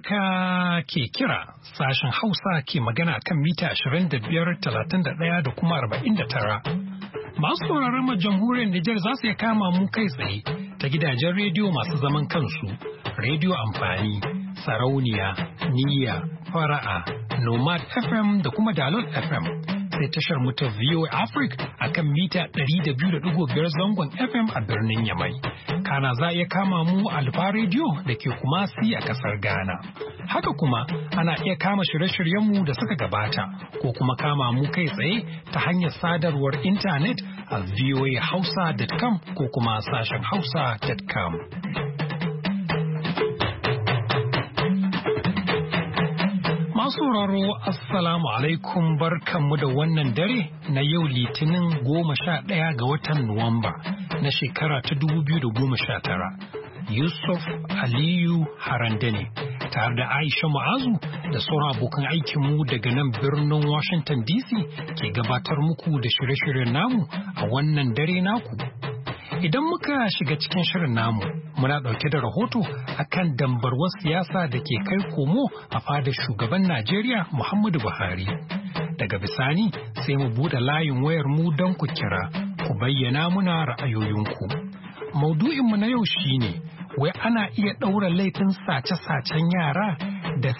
Amurka ke kira sashen Hausa ke magana kan mita 25,31 da kuma 49. Masu sauraron ma jamhuriyar Nijar za su iya kama mu kai tsaye ta gidajen rediyo masu zaman kansu, rediyo amfani, sarauniya, niyya, fara'a, nomad FM da kuma dalol FM. kare tashar mu ta VOA Africa akan mita 200.5 zangon FM a birnin Yamai. Kana za iya kama mu Alfa Radio da ke kuma si a kasar Ghana. Haka kuma ana iya kama shirye-shiryenmu da suka gabata ko kuma kama mu kai tsaye ta hanyar sadarwar intanet a voahausa.com ko kuma sashen hausa.com. Masu sauraro Assalamu alaikum barkanmu da wannan dare na yau litinin goma sha ɗaya ga watan Nuwamba na shekara ta dubu biyu da goma sha tara. Yusuf Aliyu ne, tare da Aisha Ma'azu da sauran abokan aikinmu daga nan birnin Washington DC ke gabatar muku da shirye-shiryen namu a wannan dare naku. Idan muka shiga cikin shirin namu, muna ɗauke da rahoto akan dambarwar siyasa da ke kai komo a fadar shugaban Najeriya Muhammadu Buhari. Daga bisani sai mu buɗe layin wayar mu don ku kira, ku bayyana muna ra'ayoyinku. Maudu'inmu na yau shine wai ana iya ɗaura laifin sace-sacen yara da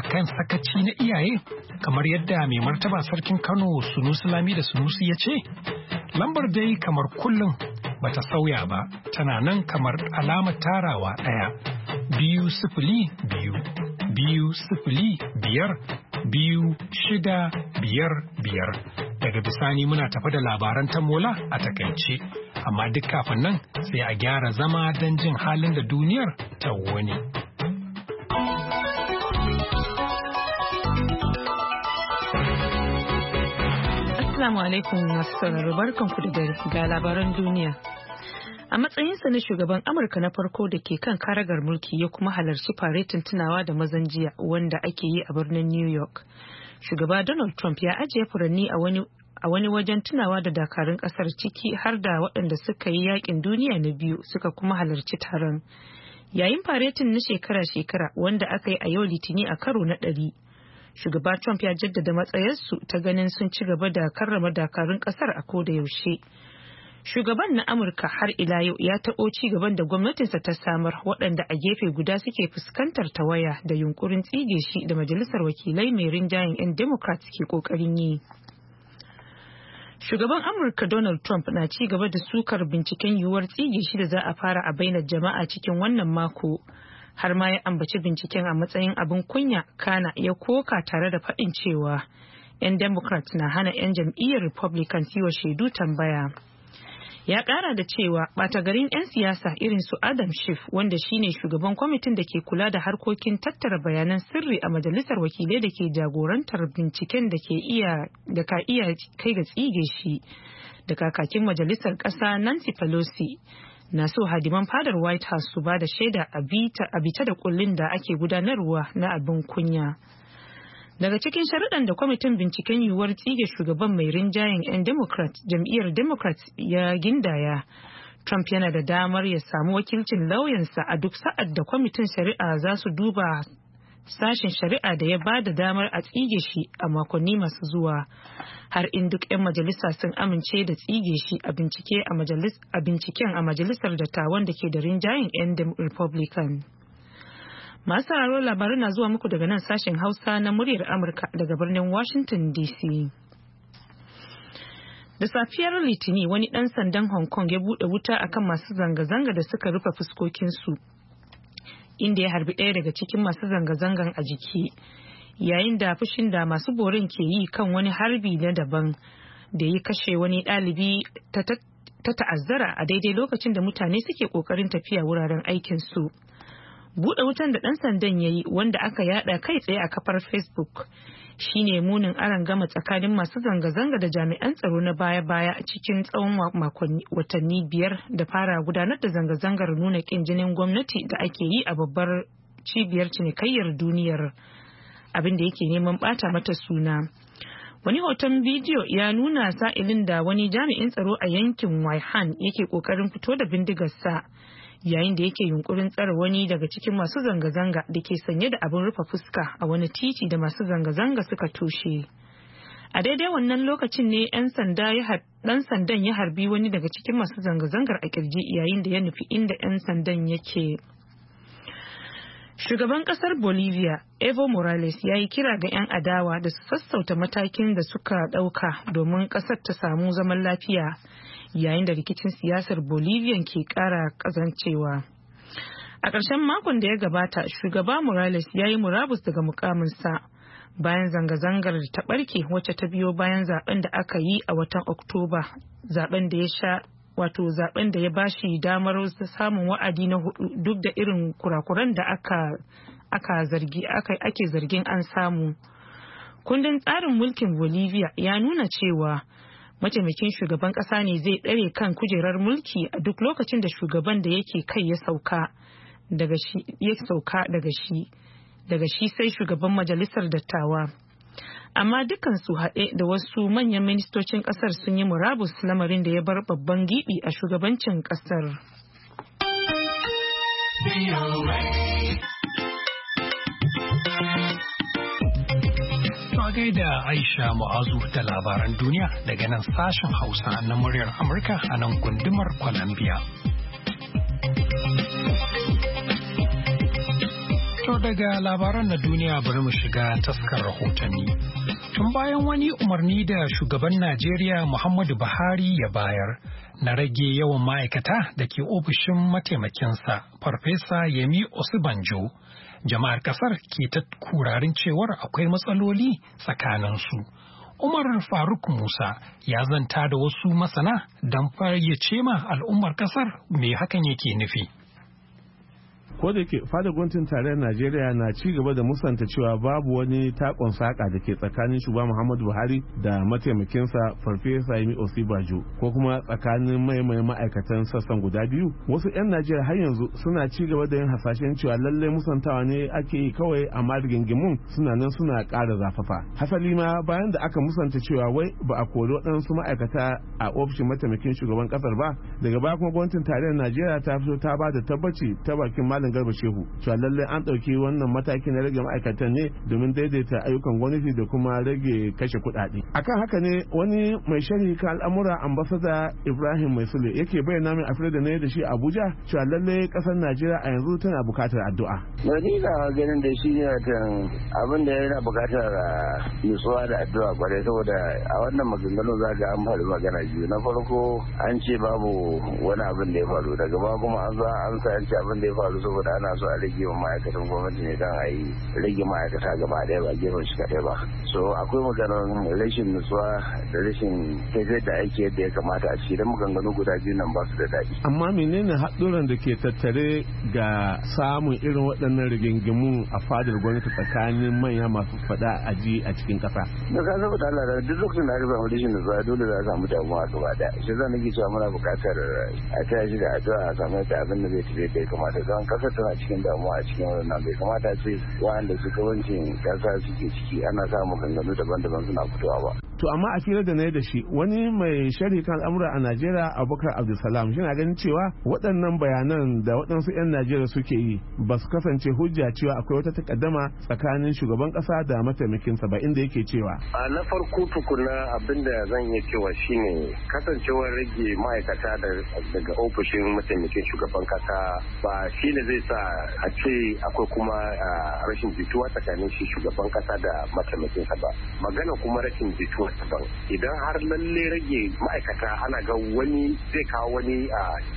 akan sakaci na iyaye kamar yadda mai martaba sarkin Kano Sunusi Lami da Sunusi ya ce? Lambar dai kamar kullum bata sauya ba tana nan kamar alamar tarawa ɗaya biyu sifili biyu biyu sifili biyar biyu shida biyar biyar daga bisani muna tafi da labaran tamola a takaice amma duk kafin nan sai a gyara zama don jin halin da duniyar ta wani. Assalamu alaikum masu sauraro ku da ga labaran duniya. A matsayinsa na shugaban Amurka na farko da ke kan karagar mulki ya kuma halarci faretin tunawa da mazan jiya wanda ake yi a birnin New York. Shugaba Donald Trump ya ajiye furanni a wani a wani wajen tunawa da dakarun kasar ciki har da waɗanda suka yi yakin duniya na biyu suka kuma halarci taron. Yayin faretin na shekara-shekara wanda aka yi a yau litini a karo na ɗari, shugaba trump ya jaddada matsayarsu ta ganin sun ci gaba da karrama dakarun kasar a ko da yaushe shugaban na amurka har ila yau ya taɓo ci gaban da gwamnatinsa ta samar waɗanda a gefe guda suke fuskantar tawaya da yunkurin tsige shi da majalisar wakilai mai rinjayen 'yan democrat ke ƙoƙarin yi Shugaban Amurka Donald Trump na ci gaba da sukar binciken yiwuwar tsige shi da za a fara a bainar jama'a cikin wannan mako har ma ya ambaci binciken a matsayin abin kunya kana ya koka tare da faɗin cewa 'yan democrat na hana 'yan jam'iyyar Republicans yi wa shaidu tambaya ya ƙara da cewa ɓata garin 'yan siyasa irin su adam schiff wanda shine shugaban kwamitin da ke kula da harkokin tattara bayanan sirri a majalisar wakilai da ke jagorantar binciken da ka iya kai ga tsige shi da kakakin majalisar ƙasa nancy pelosi na so hadiman fadar white house su ba da shaida a bita da kullin da ake gudanarwa na abin kunya daga cikin sharuɗan da kwamitin binciken yiwuwar tsige shugaban mai rinjayen 'yan democrat jam'iyyar democrat ya gindaya trump yana da damar ya samu wakilcin lauyansa a duk sa'ad da kwamitin shari'a za su duba sashen shari'a da ya ba da damar a tsige shi a makonni masu zuwa har in duk 'yan majalisa sun amince da tsige shi a binciken a majalisar dattawan da ke da rinjayen 'yan republican masu haro labarai na zuwa muku daga nan sashen hausa na muryar amurka daga birnin washington dc Da safiyar Litini wani dan sandan Hong Kong ya bude wuta akan masu zanga-zanga da suka rufe fuskokinsu inda ya harbi ɗaya daga cikin masu zanga-zangan a jiki yayin da fushin da masu borin ke yi kan wani harbi na daban da ya kashe wani ɗalibi ta ta'azzara a daidai lokacin da mutane suke ƙoƙarin tafiya wuraren aikinsu. Buɗe wutan da ɗan sandan ya yi wanda aka yaɗa kai tsaye a kafar Facebook shine munin aron gama tsakanin masu zanga-zanga da jami'an tsaro na baya-baya a cikin tsawon watanni biyar da fara gudanar da zanga-zangar nuna kin jinin gwamnati da ake yi a babbar cibiyar cinikayyar duniyar abin da yake neman bata mata suna wani hoton bidiyo ya nuna sa'ilin da wani jami'in tsaro a yankin waihan yake kokarin fito da bindigar sa. yayin da yake yunkurin tsare wani daga cikin masu zanga-zanga da ke sanye da abin rufe fuska a wani titi da masu zanga-zanga suka toshe. A daidai wannan lokacin ne 'yan sandan ya harbi wani daga cikin masu zanga-zangar a kirji yayin da ya nufi inda 'yan sandan yake. Shugaban ƙasar Bolivia, Evo Morales ya yi kira ga 'yan adawa da su sassauta matakin da suka ɗauka domin ƙasar ta samu zaman lafiya yayin da rikicin siyasar Bolivian ke kara kazancewa a ƙarshen makon da ya gabata shugaba morales ya yi murabus daga mukaminsa bayan zanga-zangar ta ɓarke wacce ta biyo bayan zaben da aka yi a watan oktoba zaben da ya sha wato zaben da ya ba shi damar samun wa'adi na hudu duk da irin kurakuran da ake zargin an samu kundin tsarin mulkin bolivia ya nuna cewa mataimakin shugaban kasa ne zai ɗare kan kujerar mulki a duk lokacin da shugaban da yake kai ya sauka daga shi daga shi sai shugaban majalisar dattawa amma dukkan su haɗe da wasu manyan ministocin ƙasar sun yi murabus lamarin da ya bar babban gibi a shugabancin ƙasar. gaida Aisha Mu'azu da labaran duniya daga nan sashen Hausa na muryar Amurka a nan gundumar Colombia. To daga labaran na duniya bari mu shiga taskar rahotanni. Tun bayan wani umarni da shugaban Najeriya Muhammadu Buhari ya bayar na rage yawan ma'aikata da ke ofishin mataimakinsa farfesa yemi osibanjo jama'ar kasar ke ta kurarin cewar akwai matsaloli tsakaninsu umar faruk musa ya zanta da wasu masana don fayyace ma al'ummar kasar me hakan yake nufi ko da ke fada gwamnatin tarayyar najeriya na ci gaba da musanta cewa babu wani takon saƙa da ke tsakanin shugaba muhammadu buhari da mataimakinsa farfesa yemi osibajo ko kuma tsakanin maimai ma'aikatan sassan guda biyu wasu 'yan najeriya har yanzu suna ci gaba da yin hasashen cewa lallai musantawa ne ake yi kawai amma rigingimun suna nan suna ƙara zafafa hasali ma bayan da aka musanta cewa wai ba a kori waɗansu ma'aikata a ofishin mataimakin shugaban ƙasar ba daga baya kuma gwamnatin tarayyar najeriya ta fito ta ba da tabbaci ta bakin malam garba shehu cewa lallai an ɗauki wannan mataki na rage ma'aikatan ne domin daidaita ayyukan gwamnati da kuma rage kashe kuɗaɗe akan haka ne wani mai sharhi ka al'amura ambasada ibrahim mai sule yake bayyana min afirka ne da shi abuja cewa lallai ƙasar najeriya a yanzu tana buƙatar addu'a. wani na ganin da shi ne abin da yana buƙatar ah, nutsuwa da addu'a kwarai saboda a wannan maganganu za ga an faru magana biyu na farko an ce babu wani abin da ya faru daga ba kuma an za an sa an ce abin da ya faru saboda saboda ana so a rage wa ma'aikatan gwamnati ne don a yi rage ma'aikata gaba ɗaya ba gefen shi kaɗai ba so akwai maganar rashin nutsuwa da rashin tafiyar da ake yadda ya kamata a cikin maganganu guda biyu nan ba su da daɗi amma menene haɗuran da ke tattare ga samun irin waɗannan rigingimu a fadar gwamnati tsakanin manya masu fada a ji a cikin ƙasa da ka da Allah da duk lokacin da aka samu rashin nutsuwa dole za a samu damuwa gaba ɗaya shi zan nake cewa muna buƙatar a tashi da addu'a a samu yadda abin da zai tafi da ya kamata ƙasa tana cikin damuwa a cikin wannan bai kamata ce su kawancin kasa suke ciki ana samun ganganu daban-daban suna fitowa ba to amma a fira da na da shi wani mai sharhi kan al'amura a najeriya abubakar abdulsalam yana ganin cewa waɗannan bayanan da waɗansu 'yan najeriya suke yi ba su kasance hujja cewa akwai wata takaddama tsakanin shugaban ƙasa da mataimakinsa ba inda yake cewa a na farko tukuna abinda zan iya cewa shine kasancewar rage ma'aikata daga ofishin mataimakin shugaban ƙasa ba shine zai sa a ce akwai kuma rashin jituwa tsakanin shi shugaban ƙasa da mataimakinsa ba magana kuma rashin jituwa daban idan har lalle rage ma'aikata ana ga wani zai kawo wani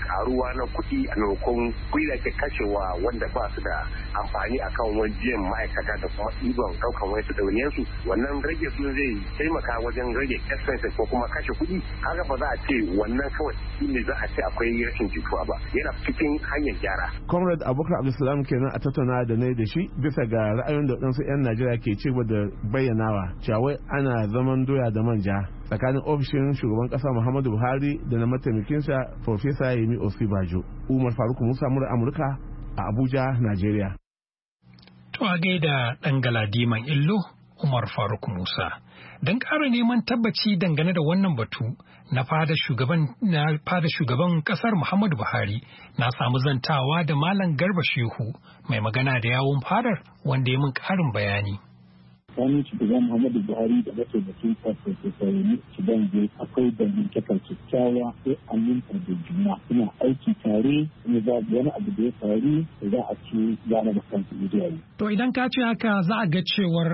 karuwa na kuɗi a maimakon kuɗi ke kashewa wanda ba su da amfani akan wajen ma'aikata da kuma ɗiban ɗaukan wani su ɗauniyar su wannan rage su zai taimaka wajen rage expenses ko kuma kashe kuɗi haka ba za a ce wannan kawai shi ne za a ce akwai rashin jituwa ba yana cikin hanyar gyara. comrade abubakar abdulsalam kenan a tattauna da na da shi bisa ga ra'ayin da waɗansu 'yan najeriya ke cewa da bayyanawa cewa ana zaman doya doya da manja tsakanin ofishin shugaban kasa muhammadu buhari da na mataimakinsa profesa yemi osibajo umar faruk musa mura amurka a abuja Najeriya. to a gaida dangala galadiman illo umar faruk musa don ƙara neman tabbaci dangane da wannan batu na fada shugaban ƙasar Muhammadu Buhari na samu zantawa da Malam Garba Shehu mai magana da yawon fadar wanda ya min ƙarin bayani. tsakanin shugaban muhammadu buhari da mataimakin farfesa sauri zai akwai dangantaka kyakkyawa sai aminta da juna suna aiki tare ne za wani abu da ya faru za a ci gane da kansu to idan ka ce haka za a ga cewar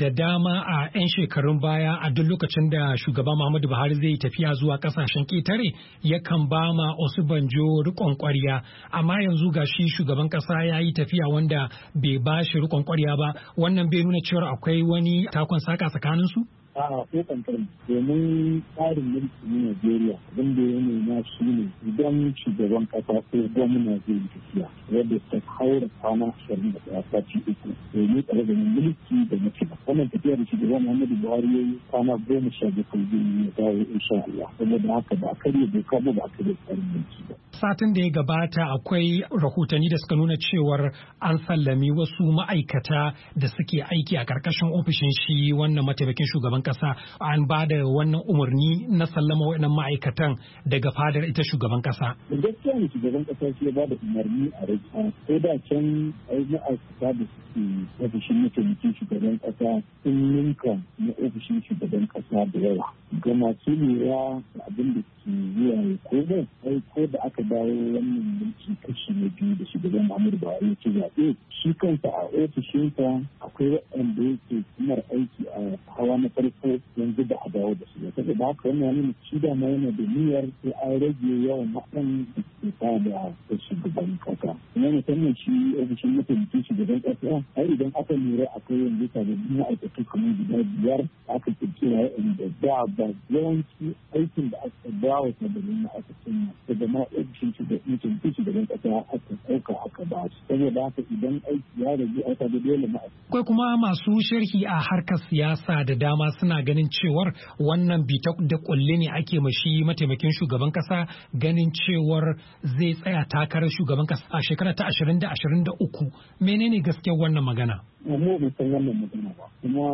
da dama a 'yan shekarun baya a duk lokacin da shugaba muhammadu buhari zai tafiya zuwa kasashen ketare yakan ba ma osubanjo rikon kwarya amma yanzu ga shi shugaban kasa ya yi tafiya wanda bai ba shi rikon kwarya ba wannan bai nuna cewar akwai wani takon saka tsakaninsu? a'a ko kankan domin tsarin mulki na Najeriya abin da ya nema shi ne idan shugaban kasa ko gwamna zai yi tafiya wadda ta haura kwana ashirin da ɗaya sati uku yi tsare da mulki da mutum wannan tafiya da shugaban Muhammadu Buhari ya yi kwana goma sha bakwai zai yi ya dawo insha Allah saboda haka ba a karya doka ba ba a karya tsarin mulki ba. Satin da ya gabata akwai rahotanni da suka nuna cewar an sallami wasu ma'aikata da suke aiki a ƙarƙashin ofishin shi wannan mataimakin shugaban aka sa an ba da wannan umarni na sallama waɗannan ma'aikatan daga fadar ita shugaban kasa. Gaskiya ne shugaban kasa shi ya ba da umarni a rage. Ko da can ai ma'aikata da suke ofishin mataimakin shugaban kasa sun ninka na ofishin shugaban kasa da yawa. Ga masu lura abin da ke zuwa ko da ai ko da aka dawo wannan mulki kashi na biyu da shugaban Muhammadu Buhari ya ci zaɓe shi kansa a ofishinsa akwai waɗanda yake suna aiki a hawa na farko so yanzu da a dawo da su ba saboda haka wannan yana ci da ma yana da niyyar sai an rage yawan haɗin da ke sa da shugaban kasa kuma musamman shi ofishin mataimakin shugaban kasa har idan aka lura akwai yanzu sababbin ma'aikatu kamar guda biyar aka kirkira da da ba yawanci aikin da aka ba wa sababbin ma'aikatan nan daga ma ofishin mataimakin shugaban kasa aka ɗauka aka ba su saboda haka idan aiki ya rage aka da dole ma'aikata. Akwai kuma masu sharhi a harkar siyasa da dama suna ganin cewar wannan bita da kulle ne ake mashi mataimakin shugaban kasa ganin cewar zai tsaya takarar shugaban kasa a shekara ta 2023 menene gaskiyar wannan magana mu bai san wannan magana ba kuma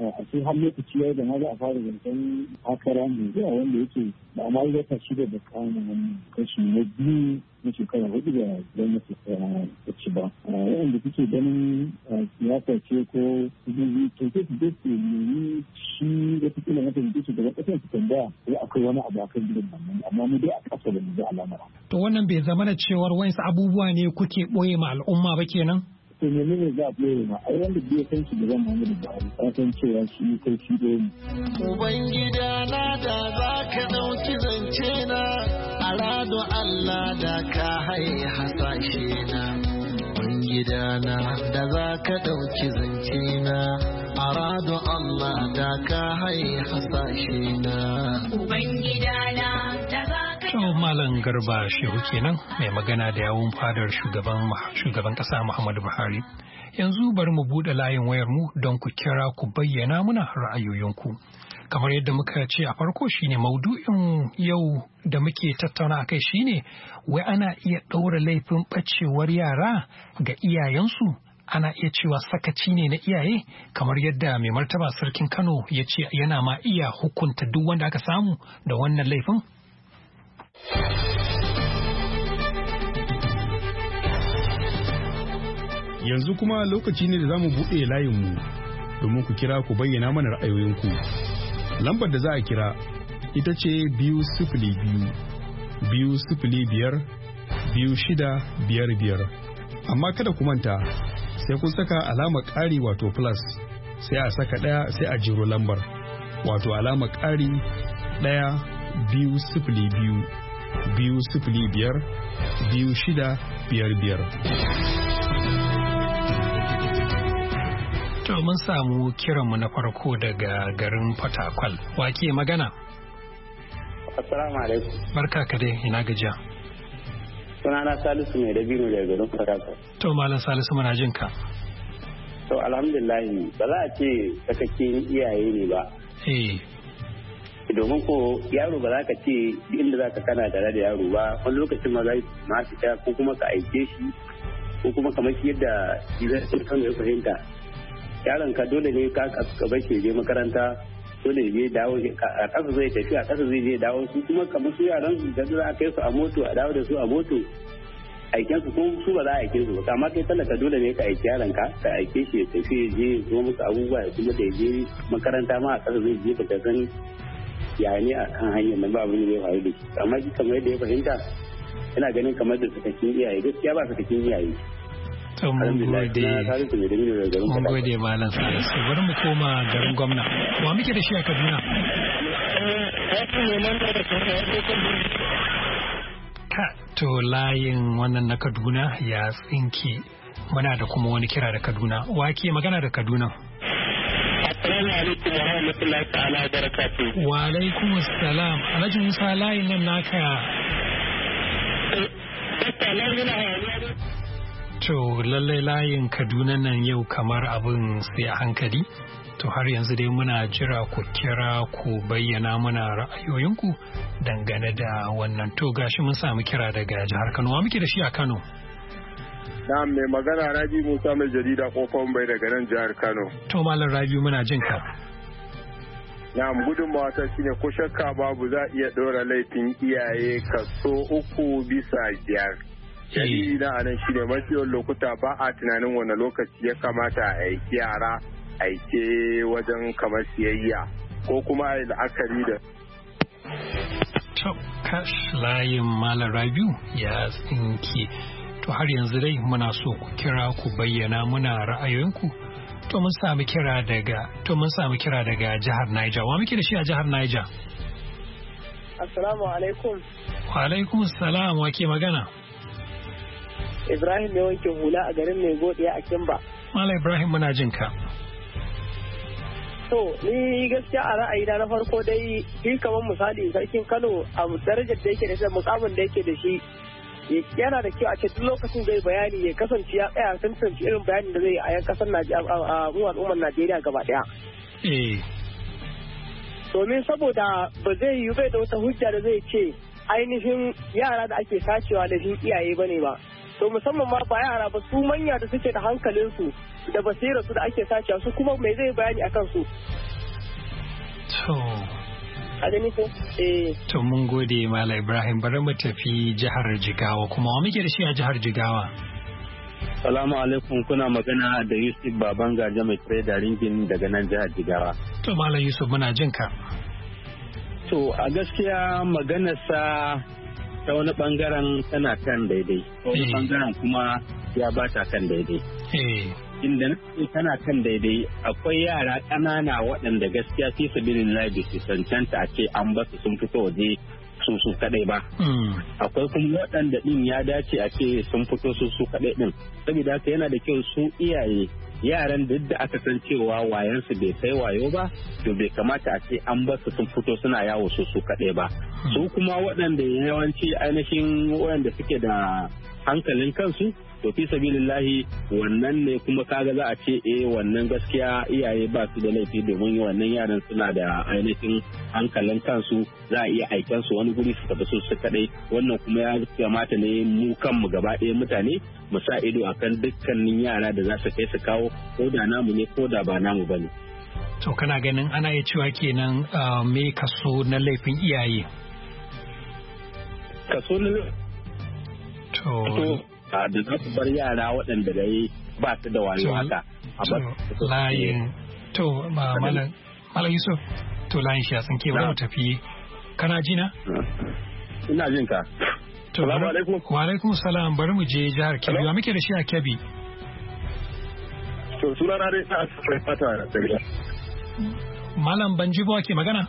eh, a sai har lokaci ya zama za a fara zancen akara mai zuwa wanda yake ba ma ma'aikata ta shi da kamun wani kashi na biyu na shekara hudu da gwamnati ta ci ba eh, da kuke ganin eh, siyasa ce ko zuzi to ke su je su nemi shi da su kila mata su daga ƙasar su tambaya ko akwai wani abu kan gidan nan amma mu dai a kasa da mu ji alamar to wannan bai zama da cewar wani abubuwa ne kuke ɓoye ma al'umma ba kenan to ne ne za a ɓoye ma ai wanda bai san shi gaban da Buhari ka san cewa shi ko shi ɗaya ne. Ubangida na da za ka ɗauki zance na a rado Allah da ka haye hasashe na. Ubangida na da za ka ɗauki zance na a rado Allah da ka haye hasashe na. Ubangida na Malam Garba Shehu kenan mai magana da yawun fadar shugaban ƙasa Muhammadu Buhari. Yanzu bari mu buɗe layin wayar mu don ku kira ku bayyana muna ra'ayoyinku. Kamar yadda muka ce a farko shine maudu'in yau da muke tattauna a kai shine wai ana iya ɗaura laifin ɓacewar yara ga iyayensu ana iya cewa sakaci ne na iyaye kamar yadda mai martaba sarkin Kano ya ce yana ma iya hukunta duk wanda aka samu da wannan laifin. Yanzu kuma lokaci ne da za mu buɗe layinmu domin ku kira ku bayyana mana ra'ayoyinku. Lambar da za a kira ita ce biyu sifili biyu, biyu sifili biyar, biyu shida biyar biyar. Amma kada ku manta sai kun saka alamar ƙari wato plus sai a saka ɗaya sai a jiro lambar wato alamar ƙari ɗaya biyu sifili biyu. biyu sifili biyar biyu shida biyar biyar. To mun samu kiranmu na farko daga garin Fatakwal. Wake magana? Assalamu alaikum. Barka ka dai ina gajiya. Sunana Salisu mai dabino daga garin Fatakwal. To Malam Salisu muna jin ka. To alhamdulillah ba za a ce sakakin iyaye ne ba. Eh. domin ko yaro ba za ka ce inda za ka kana tare da yaro ba wani lokacin ma za ma fita ko kuma ka aike shi ko kuma kamar shi yadda zai kan ya fahimta yaron ka dole ne ka ka ba shi je makaranta dole ne dawo a kasa zai tafi a kasa zai je dawo su kuma kamar su yaran su da za a kai su a moto a dawo da su a moto aiken su kuma su ba za a aike su ba amma kai talaka dole ne ka aiki yaron ka ka aike shi ya tafi ya je ya zo musu abubuwa ya kuma da ya je makaranta ma a kasa zai je ka san ya ne a kan hanyar nan ba abin da ya faru da shi amma shi kamar yadda ya fahimta yana ganin kamar da sakakin iyaye gaskiya ba sakakin iyaye to mun gode mun gode malam salisu bari mu koma garin gwamna wa muke da shi a kaduna ka to layin wannan na kaduna ya tsinki muna da kuma wani kira da kaduna wa ke magana da kaduna alaikum wa rahmatullahi ta'ala wa barakatuh. Wa alaikum assalam. Alhaji Musa layin nan naka. To lallai layin Kaduna nan yau kamar abin sai a hankali. To har yanzu dai muna jira ku kira ku bayyana mana ra'ayoyinku dangane da wannan to gashi mun samu kira daga jihar Kano. Wa muke da shi a Kano? Na'am mai magana Rabi Musa mai jarida kofan bai daga nan jihar Kano. To Malam Rabi muna jin ka. Na gudunmawa ta shine ko shakka babu za iya ɗora laifin iyaye ka so uku bisa biyar. Eh. Dalili na anan shine mafi lokuta ba a tunanin wani lokaci ya kamata a aiki yara aike wajen kamar siyayya ko kuma a yi la'akari da. Top cash layin Malam Rabiu ya tsinke. to har yanzu dai muna so ku kira ku bayyana muna ra'ayoyinku to mun sami kira daga to mun sami kira daga jihar Niger wa muke da shi a jihar Niger Assalamu alaikum Wa alaikum assalam wa ke magana Ibrahim ya wanke hula a garin mai godiya a Kimba Mala Ibrahim muna jin ka to ni gaskiya a ra'ayi na farko dai shi kamar misali sarkin Kano a darajar da yake da shi mukamin da yake da shi yana da kyau a ce duk lokacin zai bayani ya kasance ya tsaya tantance irin bayanin da zai yi a yan kasar a mu al'ummar Najeriya gaba daya. Eh. Domin saboda ba zai yi bai da wata hujja da zai ce ainihin yara da ake sacewa da shi iyaye ba ne ba. To musamman ma ba yara ba su manya da suke da hankalinsu da basirarsu da ake sacewa su kuma mai zai bayani akan su. a eh. to mun gode mala ibrahim bari mu tafi jihar jigawa kuma wa muke da shi a jihar jigawa salamu alaikum kuna magana da yusuf baban gaja mai da ringin daga nan jihar jigawa to mala yusuf muna jin ka to a gaskiya maganarsa ta wani bangaren tana kan daidai wani eh. bangaren kuma ya bata kan daidai eh. inda ce tana kan daidai akwai yara ƙanana waɗanda gaskiya fi bi labi su cancanta a ce an basu sun fito waje su su kaɗai ba hmm. akwai kuma waɗanda ɗin ya dace a ce sun fito su su kaɗai ɗin saboda haka yana da kyau su iyaye yaran duk yadda aka san cewa wayansu bai kai wayo ba to bai kamata a ce an basu sun fito suna yawo su su kaɗai ba hmm. su kuma waɗanda yawanci ainihin waɗanda suke da hankalin kansu to fi sabilillahi wannan ne kuma kaga za a ce eh wannan gaskiya iyaye ba su da laifi domin wannan yaran suna da ainihin hankalin kansu za a iya aiken su wani guri su tafi su su kadai wannan kuma ya kamata ne mu kanmu gaba ɗaya mutane mu sa ido akan dukkanin yara da za su kai su kawo ko da namu ne ko da ba namu ba ne. to kana ganin ana iya cewa kenan ah, me kaso na laifin iyaye kaso na to da za su bar yara waɗanda da yi ba su da wayo haka a layin to malam yusuf to layin shi a tsinke ba mu tafi kana jina ina jin ka to wa alaikum salam bari mu je jihar kebbi wa muke da shi a kebbi to sunana dai ta fata da Malam Banjibo ake magana?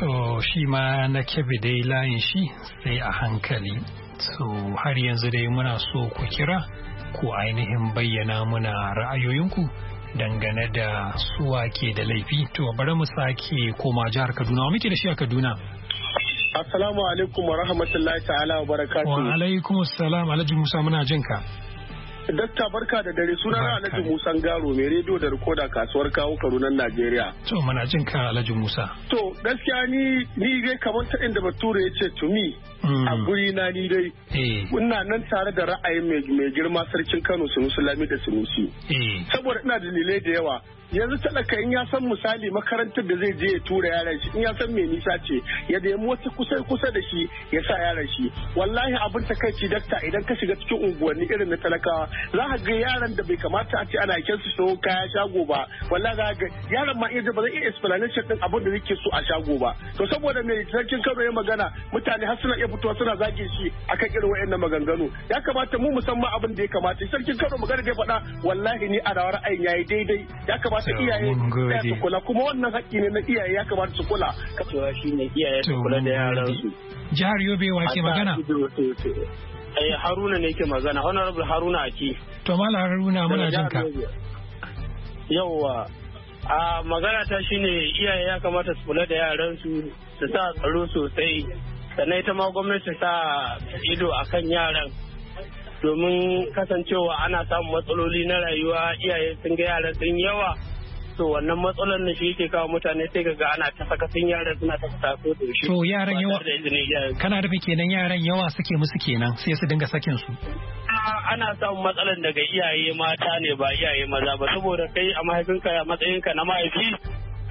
so shi ma na kebe dai layin shi sai a hankali so har yanzu dai muna so ku kira ku ainihin bayyana muna ra'ayoyinku dangane da suwa ke da laifi to bari mu sake koma jihar kaduna wa muke da shi a kaduna assalamu alaikum wa rahmatullahi ta'ala wa barakatuhu wa alaikum assalam alhaji musa muna jinka Dakta barka da dare suna na Alhaji Musa Garo mai rediyo da rikoda kasuwar kawo karunan Najeriya. To mana jin ka Alhaji Musa. To gaskiya ni ni dai kamar ta inda Bature ya ce to me hmm. a guri na ni dai. Eh. Ina nan tare da ra'ayin mai girma sarkin Kano Sunusi da Sunusi. Eh. Saboda ina dalilai da yawa yanzu talaka in ya san misali makarantar da zai je ya tura yaran shi in ya san mai nisa ce ya nemi wasu kusa kusa da shi ya sa yaran shi wallahi abin takaici dakta idan ka shiga cikin unguwanni irin na talakawa za ka ga yaran da bai kamata a ce ana kin su shigo kaya shago ba wallahi za ga yaran ma iya ba zai iya explanation din abin da yake so a shago ba to saboda mai sarkin Kano ya magana mutane har suna iya fitowa suna zage shi akan irin wayannan maganganu ya kamata mu musamman abin da ya kamata sarkin Kano magana da ya faɗa wallahi ni a ra'ayin yayi daidai ya kamata kamata iyaye su kula kuma wannan haƙƙi ne na iyaye ya kamata su kula kacewa shi ne iyaye su kula da yaran su jihar yobe wa ke magana eh haruna ne ke magana honorable haruna ake? to malam haruna muna jin ka yawwa a magana ta shine iyaye ya kamata su kula da yaran su su sa tsaro sosai sannan ita ma gwamnati sa ido akan yaran domin kasancewa ana samun matsaloli na rayuwa iyaye sun ga yara sun yawa to wannan matsalar na shi yake kawo mutane sai ga ana ta sun yara suna ta ko da shi to yaran yawa kana rufe kenan yaran yawa suke musu kenan sai su dinga sakin su ana samun matsalar daga iyaye mata ne ba iyaye maza ba saboda kai a mahaifinka a matsayinka na mahaifi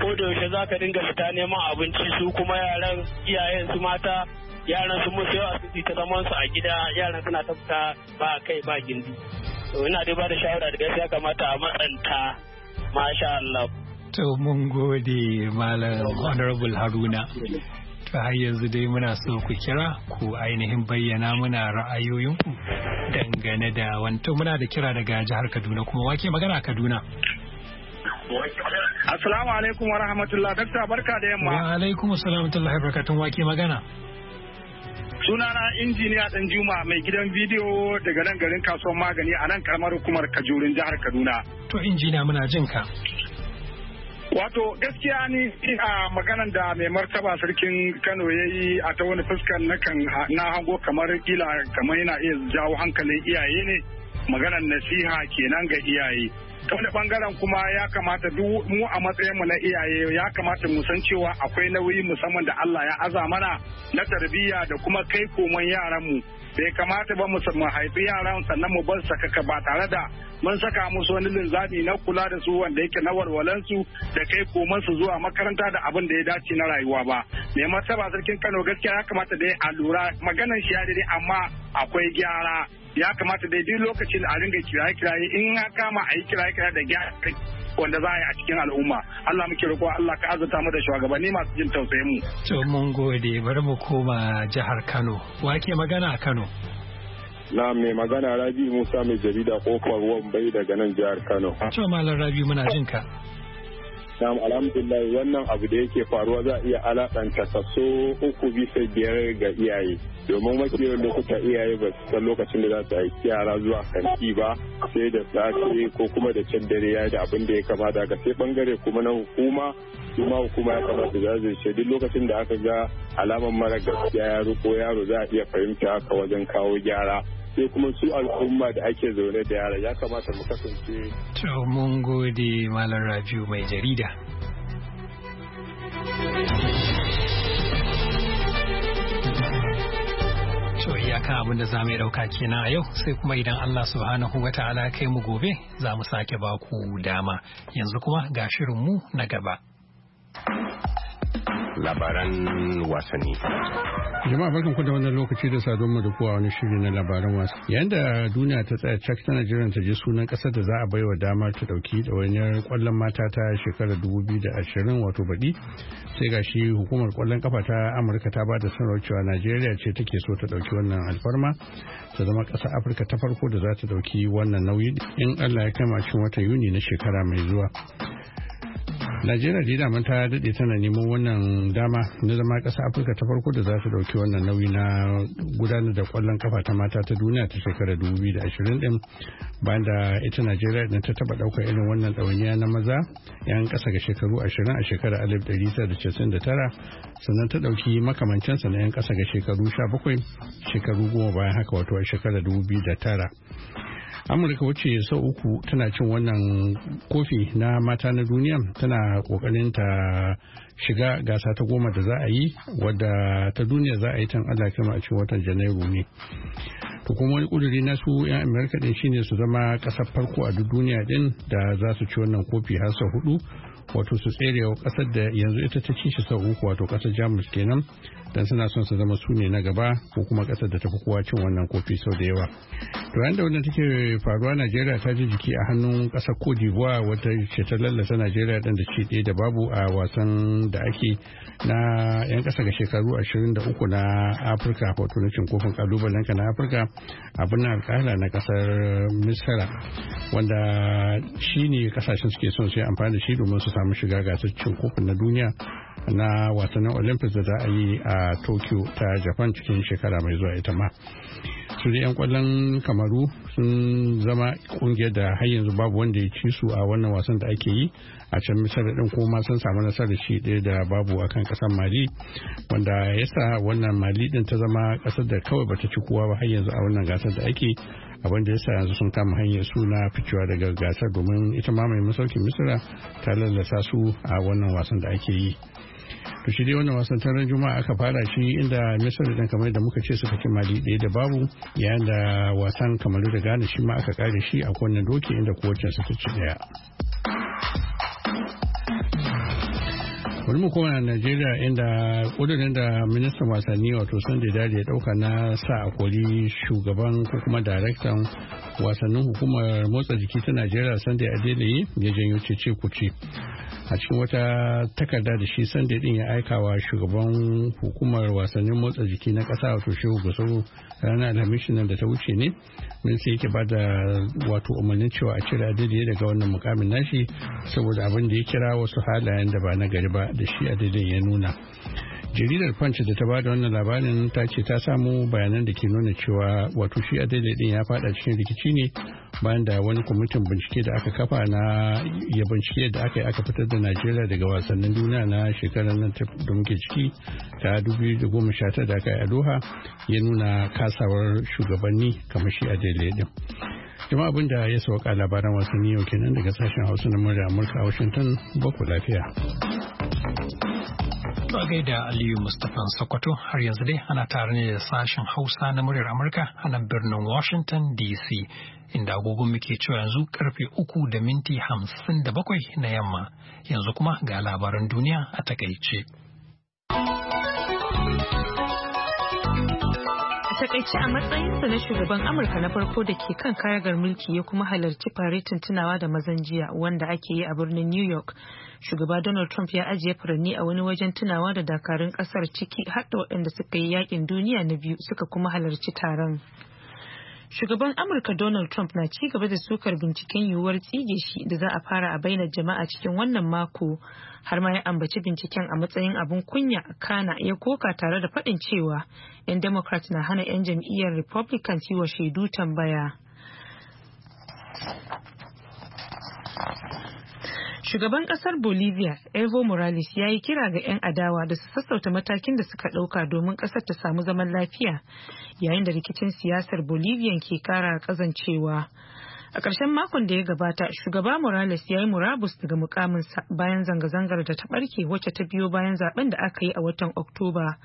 ko da yaushe zaka dinga fita neman abinci su kuma yaran iyayen su mata yaran sun musu yawa su ta zaman su a gida yaran suna ta fita ba kai ba gindi to ina dai ba da shawara da gaskiya kamata a matsanta masha Allah to mun gode malam honorable Haruna ta har yanzu dai muna so ku kira ku ainihin bayyana muna ra'ayoyinku dangane da wanto muna da kira daga jihar Kaduna kuma wake magana Kaduna Assalamu alaikum wa rahmatullah. Dakta barka da yamma. Wa alaikum wa rahmatullah wa barakatun wake magana. sunana injiniya dan juma mai gidan bidiyo daga nan garin kasuwar magani a nan karamar hukumar kajurin jihar kaduna to injiniya muna jin ka wato gaskiya ni a maganan da mai martaba sarkin kano ya yi a ta wani fuskar na kan na hango kamar kila kamar yana iya jawo hankalin iyaye ne maganan nasiha kenan ga iyaye ta wani bangaren kuma ya kamata duk mu a matsayin mu na iyaye ya kamata mu san cewa akwai nauyi musamman da Allah ya aza mana na tarbiyya da kuma kai koman yaranmu bai kamata ba mu haifi yaran sannan mu bar sakaka ba tare da mun saka musu wani linzami na kula da su wanda yake na walwalansu da kai su zuwa makaranta da abin da ya dace na rayuwa ba mai saba sarkin kano gaskiya ya kamata da ya lura maganar shi ya daidai amma akwai gyara ya kamata dai duk lokacin a ringa kiraye-kiraye in ya kama a yi kiraye-kiraye da gyara wanda za a yi a cikin al'umma Allah muke roƙo Allah ka azurta mu da shugabanni masu jin tausayin mu to mun gode bari mu koma jihar Kano wa ke magana a Kano na mai magana Rabi Musa mai jarida kofar Wambai daga nan jihar Kano to malam Rabi muna jin ka Na'am alhamdulillah wannan abu da yake faruwa za a iya alakanta kaso uku bisa biyar ga iyaye domin makiyar lokuta iyaye ba su san lokacin da za su aiki yara zuwa kanti ba sai da safe ko kuma da can dare ya da abin da ya kamata ga sai bangare kuma na hukuma kuma hukuma ya kamata za zai duk lokacin da aka ga alaman mara gaskiya ya riko yaro za a iya fahimta haka wajen kawo gyara sai kuma su al'umma da ake zaune da yara ya kamata mu kasance. To mun gode Malam Rabiu mai jarida. To iyaka abin da za mu ɗauka kenan a yau sai kuma idan Allah subhanahu wa ta'ala kai mu gobe za mu sake baku dama yanzu kuma ga shirinmu na gaba. labaran wasanni. Jama'a barkan ku da wannan lokaci da sadon mu da kowa wani shiri na labaran wasanni. Yayin duniya ta tsaya cak tana jiran ta je sunan kasar da za a baiwa dama ta dauki ɗawainiyar kwallon mata ta shekarar ashirin wato baɗi. Sai ga shi hukumar kwallon kafa ta Amurka ta bada da sanarwar cewa Najeriya ce take so ta dauki wannan alfarma ta zama ƙasar Afirka ta farko da za ta dauki wannan nauyi in Allah ya kama cikin watan Yuni na shekara mai zuwa. najeriya da daman ta daɗe tana neman wannan dama na zama ƙasa afirka ta farko da za ta ɗauki wannan nauyi na gudanar da ƙwallon kafa ta mata ta duniya ta shekarar 2020 ɗin bayan da ita najeriya ɗin ta taɓa ɗaukar irin wannan ɗawainiya na maza 'yan ƙasa ga shekaru 20 a shekarar 1999 sannan ta ɗauki makamancinsa na 'yan ƙasa ga shekaru 17 shekaru goma bayan haka wato a shekarar 2009 amurka wacce sau uku tana cin wannan kofi na mata na duniya tana kokarin ta shiga gasa ta goma da za a yi wadda ta duniya za a yi tan allah kima a cikin watan janairu ne to kuma wani kuduri na su yan amurka din shine su zama kasar farko a duk duniya din da za su ci wannan kofi har sau hudu wato su tserewa kasar da yanzu ita ta ci shi sau uku wato kasar jamus kenan don suna son su zama su ne na gaba ko kuma kasar da ta fi kowa cin wannan kofi sau da yawa to yanda wannan take faruwa najeriya ta ji jiki a hannun kasar cote d'ivoire wata ce ta lallasa najeriya ɗan da ce ɗaya da babu a wasan da ake na 'yan ƙasa ga shekaru ashirin da uku na afirka wato na cin kofin kalubalen ka na afirka abin na alƙala na ƙasar misira wanda shi ne ƙasashen suke son su yi amfani da shi domin su samu shiga gasar cin kofin na duniya na wasannin olympics da za a yi a tokyo ta japan cikin shekara mai zuwa ita ma su da 'yan kwallon kamaru sun zama kungiyar da har yanzu babu wanda ya ci su a wannan wasan da ake yi a can misar din kuma sun samu nasarar shi ɗaya da babu a kan ƙasar mali wanda ya sa wannan mali din ta zama ƙasar da kawai bata ci kowa ba har yanzu a wannan gasar da ake abin da ya sa yanzu sun kama hanyar suna ficewa daga gasar domin ita ma mai masaukin misira ta lallasa su a wannan wasan da ake yi to shi dai wannan wasan taron juma'a aka fara shi inda misali din kamar da muka ce suka ci mali ɗaya da babu yayin da wasan kamar da gane shi ma aka kare shi a wannan doki inda kowacce su ta ci daya bari mu koma Najeriya inda kudurin da ministan wasanni wato Sunday Dare ya dauka na sa a kori shugaban ko kuma daraktan wasannin hukumar motsa jiki ta Najeriya Sunday Adeliyi ya janyo cece kuce a cikin wata takarda da shi sanda din ya aika wa shugaban hukumar wasannin motsa jiki na kasa wato shehu basoro ranar alhamis mishinan da ta wuce ne min sai yake bada wato umarnin cewa a cire adadi daga wannan mukamin nashi saboda abin da ya kira wasu halayen da ba na gari ba da shi adadin ya nuna jaridar punch da ta ba da wannan labarin ta ce ta samu bayanan da ke nuna cewa wato shi adele din ya fada cikin rikici ne bayan da wani kwamitin bincike da aka kafa na ya bincike da aka yi aka fitar da najeriya daga wasannin duniya na shekarar nan da muke ciki ta 2019 da aka yi a doha ya nuna kasawar shugabanni kamar shi adele din jama'a abin da ya sauka labaran wasanni yau kenan daga sashen hausa na murya amurka a washington baku lafiya Ba gaida Aliyu Mustapha Sokoto har yanzu dai ana tare ne da sashen Hausa na muryar Amurka a nan birnin Washington DC inda agogon muke cewa yanzu karfe uku da minti hamsin da bakwai na yamma yanzu kuma ga labaran duniya a takaice. takaici a matsayinsa na shugaban Amurka na farko da ke kan karagar mulki ya kuma halarci faretin tunawa da mazan jiya wanda ake yi a birnin New York. Shugaba Donald Trump ya ajiye furanni a wani wajen tunawa da dakarun kasar ciki har waɗanda suka yi yakin duniya na biyu suka kuma halarci taron. shugaban amurka donald trump na ci gaba da sukar binciken yiwuwar tsige shi da za a fara a bainar jama'a cikin wannan mako har ma ya ambaci binciken a matsayin abin kunya kana ya koka tare da faɗin cewa 'yan democrat na hana 'yan jam'iyyar republicans yi wa shaidu tambaya Shugaban kasar Bolivia, Evo Morales ya yi kira ga 'yan adawa da su sassauta matakin da suka ɗauka domin ƙasar ta samu zaman lafiya yayin da rikicin siyasar Bolivia ke kara kazancewa. A ƙarshen makon da ya gabata, shugaba Morales ya yi murabus daga mukaminsa bayan zanga-zangar da ta ɓarke wacce ta biyo bayan zaben da aka yi a watan Oktoba.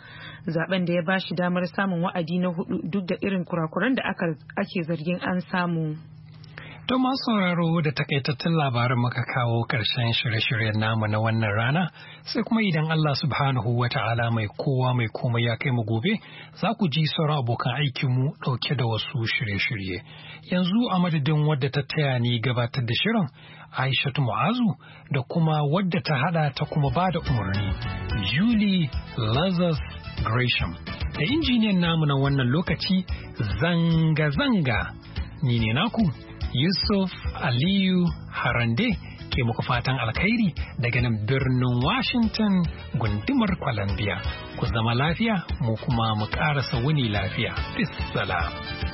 Zaben da ya ba shi damar samun wa'adi na hudu duk da irin kurakuran da ake zargin an samu. To masu sauraro da takaitattun labarin muka kawo ƙarshen shirye-shiryen namu na wannan rana sai kuma idan Allah subhanahu wa ta'ala mai kowa mai komai ya kai mu gobe za ku ji sauran abokan aikinmu ɗauke da wasu shirye-shirye. Yanzu a madadin wadda ta taya ni gabatar da shirin Aishatu Mu'azu da kuma wadda ta hada ta kuma ba da umarni Julie Lazarus Gresham da injiniyan namu na wannan lokaci zanga-zanga. Ni ne naku? Yusuf Aliyu Harande ke muku fatan alkhairi daga nan birnin Washington gundumar Columbia. Ku zama lafiya mu kuma mu ƙarasa wuni lafiya. Bis